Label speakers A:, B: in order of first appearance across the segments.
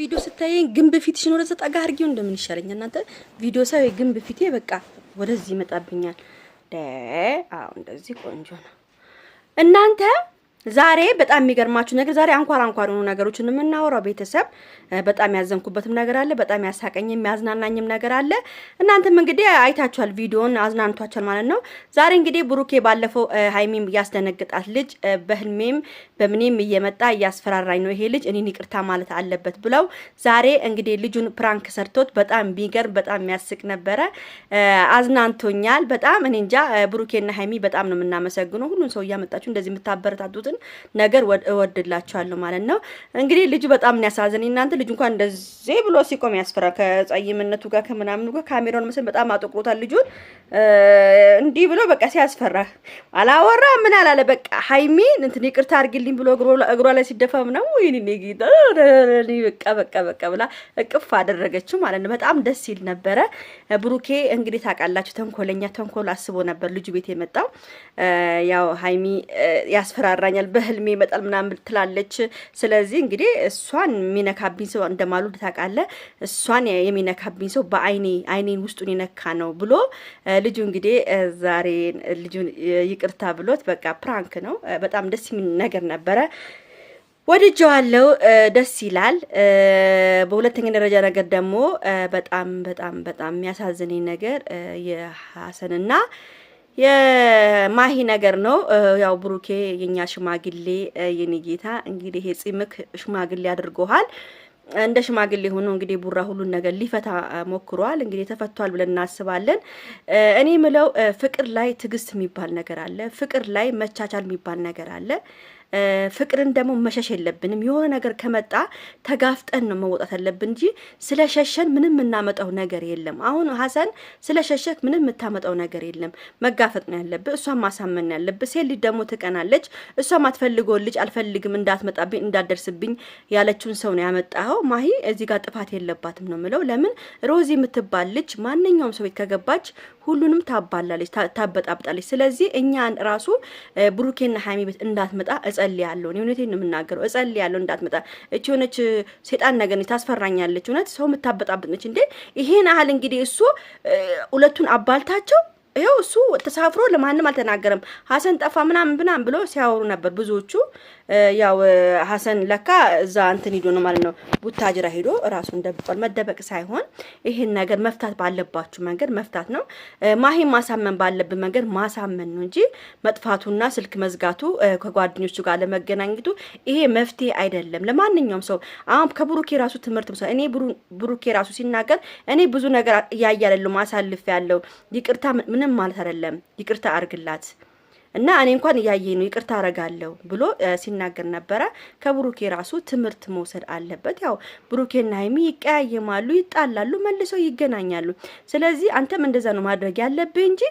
A: ቪዲዮ ስታየኝ ግንብ ፊትሽን ወደ ጠጋ አድርጊው እንደምን ይሻለኛል? እናንተ ቪዲዮ ሳይ ግንብ ፊቴ በቃ ወደዚህ ይመጣብኛል። ደ አዎ እንደዚህ ቆንጆ ነው እናንተ ዛሬ በጣም የሚገርማችሁ ነገር ዛሬ አንኳር አንኳር የሆኑ ነገሮችን የምናወራው ቤተሰብ በጣም ያዘንኩበትም ነገር አለ። በጣም ያሳቀኝ የሚያዝናናኝም ነገር አለ። እናንተም እንግዲህ አይታችኋል፣ ቪዲዮን አዝናንቷችኋል ማለት ነው። ዛሬ እንግዲህ ብሩኬ ባለፈው ሀይሚም እያስደነግጣት ልጅ በህልሜም በምኔም እየመጣ እያስፈራራኝ ነው ይሄ ልጅ እኔን ይቅርታ ማለት አለበት ብለው ዛሬ እንግዲህ ልጁን ፕራንክ ሰርቶት በጣም ቢገርም በጣም የሚያስቅ ነበረ። አዝናንቶኛል በጣም እኔ እንጃ። ብሩኬና ሀይሚ በጣም ነው የምናመሰግነው። ሁሉን ሰው እያመጣችሁ እንደዚህ የምታበረታቱት የምትወዱትን ነገር እወድላቸዋለሁ ማለት ነው። እንግዲህ ልጁ በጣም ያሳዝን። እናንተ ልጁ እንኳን እንደዚህ ብሎ ሲቆም ያስፈራ ከጸይምነቱ ጋር ከምናምኑ ጋር ካሜራውን ምስል በጣም አጥቁሮታል። ልጁን እንዲህ ብሎ በቃ ሲያስፈራ አላወራ ምን አላለ። በቃ ሀይሚ እንትን ይቅርታ አድርጊልኝ ብሎ እግሯ ላይ ሲደፋ ነው ወይኔ በቃ በቃ በቃ ብላ እቅፍ አደረገችው ማለት ነው። በጣም ደስ ሲል ነበረ። ብሩኬ እንግዲህ ታውቃላችሁ፣ ተንኮለኛ ተንኮል አስቦ ነበር ልጁ ቤት የመጣው ያው ሀይሚ ያስፈራራኛል ይመጣኛል፣ በህልሜ ይመጣል ምናምን ትላለች። ስለዚህ እንግዲህ እሷን የሚነካብኝ ሰው እንደማሉ ታውቃለህ። እሷን የሚነካብኝ ሰው በአይኔ አይኔን ውስጡን የነካ ነው ብሎ ልጁ እንግዲህ ዛሬ ልጁን ይቅርታ ብሎት በቃ ፕራንክ ነው። በጣም ደስ የሚል ነገር ነበረ። ወድጀዋለው። ደስ ይላል። በሁለተኛ ደረጃ ነገር ደግሞ በጣም በጣም በጣም የሚያሳዝነኝ ነገር የሀሰንና የማሂ ነገር ነው። ያው ብሩኬ የኛ ሽማግሌ የኔ ጌታ እንግዲህ የጺምክ ሽማግሌ አድርጎሃል። እንደ ሽማግሌ ሆኖ እንግዲህ ቡራ ሁሉን ነገር ሊፈታ ሞክሯል። እንግዲህ ተፈቷል ብለን እናስባለን። እኔ ምለው ፍቅር ላይ ትዕግስት የሚባል ነገር አለ። ፍቅር ላይ መቻቻል የሚባል ነገር አለ። ፍቅርን ደግሞ መሸሽ የለብንም። የሆነ ነገር ከመጣ ተጋፍጠን ነው መውጣት ያለብን እንጂ ስለሸሸን ምንም የምናመጣው ነገር የለም። አሁን ሀሰን ሸሸክ ምንም የምታመጣው ነገር የለም። መጋፈጥ ነው ያለብህ፣ እሷን ማሳመን ያለብህ። ሴት ልጅ ደግሞ ትቀናለች። እሷም አትፈልገውን ልጅ አልፈልግም፣ እንዳትመጣብኝ፣ እንዳትደርስብኝ ያለችውን ሰው ነው ያመጣኸው። ማሂ እዚህ ጋር ጥፋት የለባትም ነው ምለው። ለምን ሮዚ የምትባል ልጅ ማንኛውም ሰው ቤት ከገባች ሁሉንም ታባላለች፣ ታበጣብጣለች። ስለዚህ እኛን ራሱ ብሩኬና ሀይሚ ቤት እንዳትመጣ እጸልያለሁ። እውነቴን ነው የምናገረው። እጸልያለሁ እንዳትመጣ። እቺ የሆነች ሴጣን ነገር ታስፈራኛለች። እውነት ሰው የምታበጣብጥ ነች እንዴ! ይሄን ያህል እንግዲህ እሱ ሁለቱን አባልታቸው ይኸው እሱ ተሳፍሮ ለማንም አልተናገረም። ሀሰን ጠፋ ምናምን ምናምን ብሎ ሲያወሩ ነበር ብዙዎቹ። ያው ሀሰን ለካ እዛ እንትን ሂዶ ነው ማለት ነው ቡታጅራ ሂዶ እራሱን ደብቋል። መደበቅ ሳይሆን ይህን ነገር መፍታት ባለባችሁ መንገድ መፍታት ነው። ማሂን ማሳመን ባለብን መንገድ ማሳመን ነው እንጂ መጥፋቱና ስልክ መዝጋቱ ከጓደኞቹ ጋር ለመገናኘቱ ይሄ መፍትሄ አይደለም ለማንኛውም ሰው። አሁን ከብሩኬ ራሱ ትምህርት ብሰ እኔ ብሩኬ ራሱ ሲናገር እኔ ብዙ ነገር እያያለሁ ማሳልፍ ያለው ይቅርታ ምንም ምንም አልተረለም። ይቅርታ አርግላት እና እኔ እንኳን እያየ ነው ይቅርታ አረጋለሁ ብሎ ሲናገር ነበረ። ከብሩኬ ራሱ ትምህርት መውሰድ አለበት። ያው ብሩኬና ሀይሚ ይቀያየማሉ፣ ይጣላሉ፣ መልሰው ይገናኛሉ። ስለዚህ አንተም እንደዛ ነው ማድረግ ያለብህ እንጂ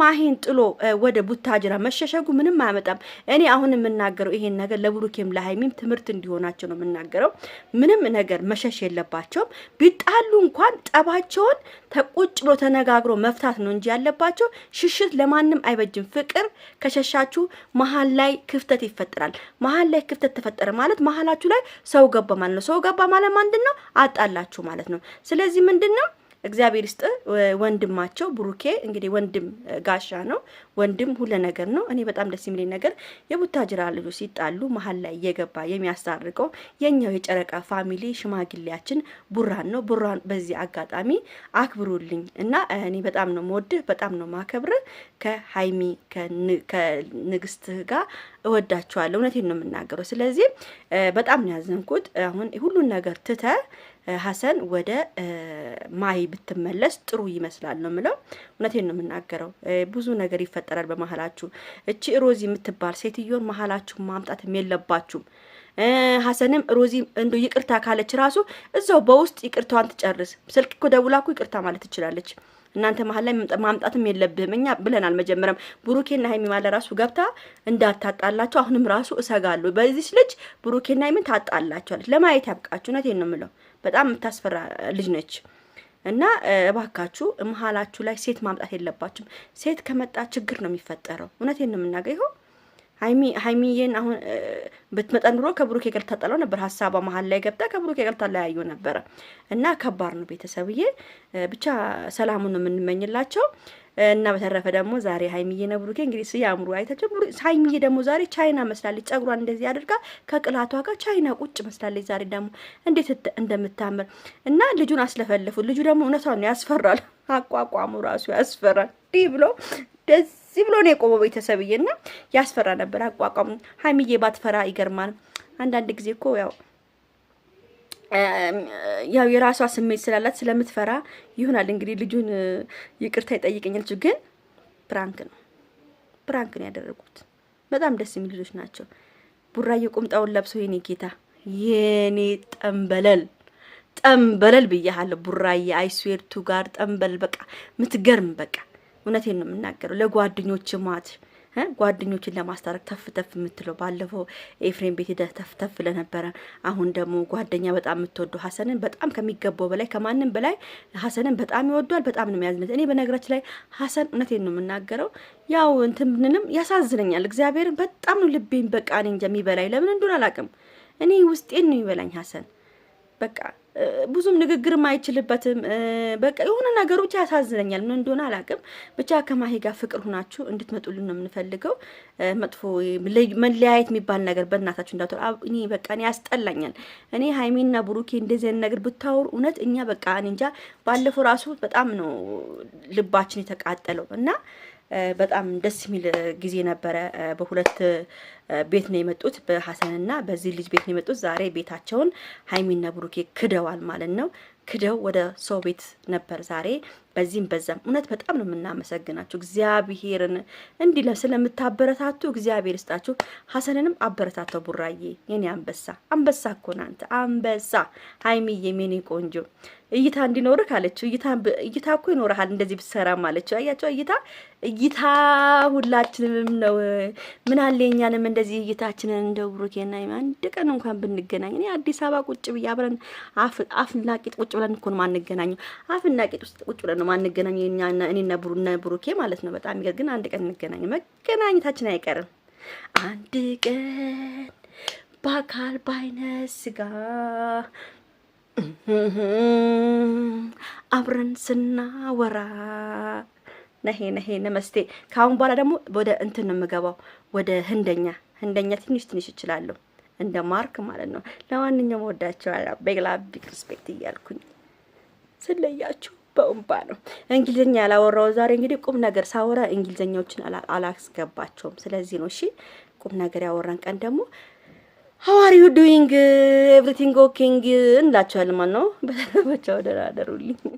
A: ማሄን ጥሎ ወደ ቡታጅራ መሸሸጉ ምንም አያመጣም። እኔ አሁን የምናገረው ይሄን ነገር ለብሩኬም ለሀይሚም ትምህርት እንዲሆናቸው ነው የምናገረው። ምንም ነገር መሸሽ የለባቸውም። ቢጣሉ እንኳን ጠባቸውን ተቁጭ ብሎ ተነጋግሮ መፍታት ነው እንጂ ያለባቸው። ሽሽት ለማንም አይበጅም። ፍቅር ከሸሻችሁ መሀል ላይ ክፍተት ይፈጠራል። መሀል ላይ ክፍተት ተፈጠረ ማለት መሀላችሁ ላይ ሰው ገባ ማለት ነው። ሰው ገባ ማለት ምንድን ነው? አጣላችሁ ማለት ነው። ስለዚህ ምንድን ነው እግዚአብሔር ይስጥ ወንድማቸው ብሩኬ እንግዲህ ወንድም ጋሻ ነው ወንድም ሁለ ነገር ነው። እኔ በጣም ደስ የሚለኝ ነገር የቡታጅራ ልጆች ሲጣሉ መሀል ላይ እየገባ የሚያስታርቀው የኛው የጨረቃ ፋሚሊ ሽማግሌያችን ቡራን ነው። ቡራን በዚህ አጋጣሚ አክብሩልኝ እና እኔ በጣም ነው መወድህ፣ በጣም ነው ማከብር። ከሀይሚ ከንግስት ጋር እወዳቸዋለሁ። እውነቴን ነው የምናገረው። ስለዚህ በጣም ነው ያዘንኩት። አሁን ሁሉን ነገር ትተ ሀሰን ወደ ማይ ብትመለስ ጥሩ ይመስላል ነው ምለው። እውነቴን ነው የምናገረው። ብዙ ነገር ይፈጠ ይፈጠራል በመሀላችሁ። እቺ ሮዚ የምትባል ሴትዮን መሀላችሁ ማምጣትም የለባችሁም። ሀሰንም ሮዚ እንዱ ይቅርታ ካለች ራሱ እዛው በውስጥ ይቅርታዋን ትጨርስ። ስልክ እኮ ደውላ እኮ ይቅርታ ማለት ትችላለች። እናንተ መሀል ላይ ማምጣትም የለብህም። እኛ ብለናል መጀመሪያም። ብሩኬና ሀይሚ ማለ ራሱ ገብታ እንዳታጣላቸው አሁንም ራሱ እሰጋለሁ። በዚች ልጅ ብሩኬና ሀይሚን ታጣላቸዋለች። ለማየት ያብቃችሁ። እውነቴን ነው የምለው። በጣም የምታስፈራ ልጅ ነች። እና እባካችሁ መሀላችሁ ላይ ሴት ማምጣት የለባችሁም። ሴት ከመጣ ችግር ነው የሚፈጠረው። እውነቴን ነው የምናገር። ይኸው ሀይሚ ሀይሚዬን አሁን ብትመጣ ኑሮ ከብሩኬ ጋር ታጠላው ነበር። ሀሳቧ መሀል ላይ ገብታ ከብሩኬ ጋር ታለያዩ ነበረ እና ከባድ ነው። ቤተሰብዬ ብቻ ሰላሙን ነው የምንመኝላቸው። እና በተረፈ ደግሞ ዛሬ ሀይሚዬ ነው ብሩኬ እንግዲህ ሲያምሩ አይታቸው። ሀይሚዬ ደግሞ ዛሬ ቻይና መስላለች። ጸጉሯን እንደዚህ አድርጋ ከቅላቷ ጋር ቻይና ቁጭ መስላለች። ዛሬ ደግሞ እንዴት እንደምታምር እና ልጁን አስለፈለፉት። ልጁ ደግሞ እውነቷን ያስፈራል። አቋቋሙ ራሱ ያስፈራል። ዲ ብሎ ደዚህ ብሎ ነው የቆመው ቤተሰብዬ። እና ያስፈራ ነበር አቋቋሙ። ሀይሚዬ ባትፈራ ይገርማል። አንዳንድ ጊዜ እኮ ያው ያው የራሷ ስሜት ስላላት ስለምትፈራ ይሆናል እንግዲህ ልጁን ይቅርታ ይጠይቀኛል። ግን ፕራንክ ነው ፕራንክ ነው ያደረጉት። በጣም ደስ የሚል ልጆች ናቸው። ቡራዬ ቁምጣውን ለብሶ የኔ ጌታ የኔ ጠንበለል ጠንበለል ብያሃለሁ። ቡራዬ ቱ ጋር ጠንበል በቃ ምትገርም በቃ እውነቴን ነው የምናገረው። ለጓደኞች ማት ጓደኞችን ለማስታረቅ ተፍ ተፍ የምትለው ባለፈው ኤፍሬም ቤት ሄደ ተፍ ተፍ ለነበረ አሁን ደግሞ ጓደኛ በጣም የምትወደው ሀሰንን በጣም ከሚገባው በላይ ከማንም በላይ ሀሰንን በጣም ይወዷል። በጣም ነው የሚያዝነት። እኔ በነገራችን ላይ ሀሰን እውነቴን ነው የምናገረው ያው እንትምንም ያሳዝነኛል። እግዚአብሔር በጣም ነው ልቤን በቃ እኔ እንጃ የሚበላኝ ለምን እንደሆነ አላውቅም። እኔ ውስጤን ነው ይበላኝ ሀሰን በቃ ብዙም ንግግርም አይችልበትም። በቃ የሆነ ነገሩ ብቻ ያሳዝነኛል። ምን እንደሆነ አላውቅም። ብቻ ከማሂ ጋር ፍቅር ሁናችሁ እንድትመጡልን ነው የምንፈልገው። መጥፎ መለያየት የሚባል ነገር በእናታችሁ እንዳትወር። እኔ በቃ እኔ ያስጠላኛል። እኔ ሀይሜና ብሩኬ እንደዚህ ነገር ብታወሩ እውነት እኛ በቃ እንጃ። ባለፈው ራሱ በጣም ነው ልባችን የተቃጠለው እና በጣም ደስ የሚል ጊዜ ነበረ። በሁለት ቤት ነው የመጡት፣ በሀሰንና በዚህ ልጅ ቤት ነው የመጡት። ዛሬ ቤታቸውን ሀይሚና ብሩኬ ክደዋል ማለት ነው። ክደው ወደ ሰው ቤት ነበር ዛሬ በዚህም በዛም እውነት በጣም ነው የምናመሰግናችሁ። እግዚአብሔርን እንዲህ ስለምታበረታቱ እግዚአብሔር ይስጣችሁ። ሀሰንንም አበረታተው። ቡራዬ የኔ አንበሳ አንበሳ እኮ ነህ አንበሳ። ሀይሚዬ፣ የኔ ቆንጆ እይታ እንዲኖርህ አለችው። እይታ እኮ ይኖርሃል እንደዚህ ብትሰራም አለችው። አያቸው እይታ እይታ ሁላችንም ነው። ምን አለ የኛንም እንደዚህ እይታችንን እንደ ብሩኬና አንድ ቀን እንኳን ብንገናኝ እኔ አዲስ አበባ ቁጭ ብዬ አብረን አፍና ቂጥ ቁጭ ብለን እኮ ነው የማንገናኘው። አፍና ቂጥ ውስጥ ቁጭ ብለን ነው አንገናኝ እኔ ነብሩኬ ማለት ነው። በጣም ይገር ግን አንድ ቀን እንገናኝ፣ መገናኘታችን አይቀርም። አንድ ቀን በአካል ባይነ ስጋ አብረን ስናወራ ነሄ ነሄ ነመስቴ። ከአሁን በኋላ ደግሞ ወደ እንትን ነው የምገባው፣ ወደ ህንደኛ ህንደኛ ትንሽ ትንሽ እችላለሁ እንደ ማርክ ማለት ነው። ለማንኛውም ወዳቸው በግላ ቢግ ሪስፔክት እያልኩኝ ስለያችሁ በእምባ ነው። እንግሊዝኛ ያላወራው ዛሬ እንግዲህ ቁም ነገር ሳወራ እንግሊዝኛዎችን አላስገባቸውም። ስለዚህ ነው እሺ። ቁም ነገር ያወራን ቀን ደግሞ ሀዋር ዩ ዱዊንግ ኤቭሪቲንግ ኦኬንግ እንላቸዋል ማለት ነው። በተረፈ ቻው፣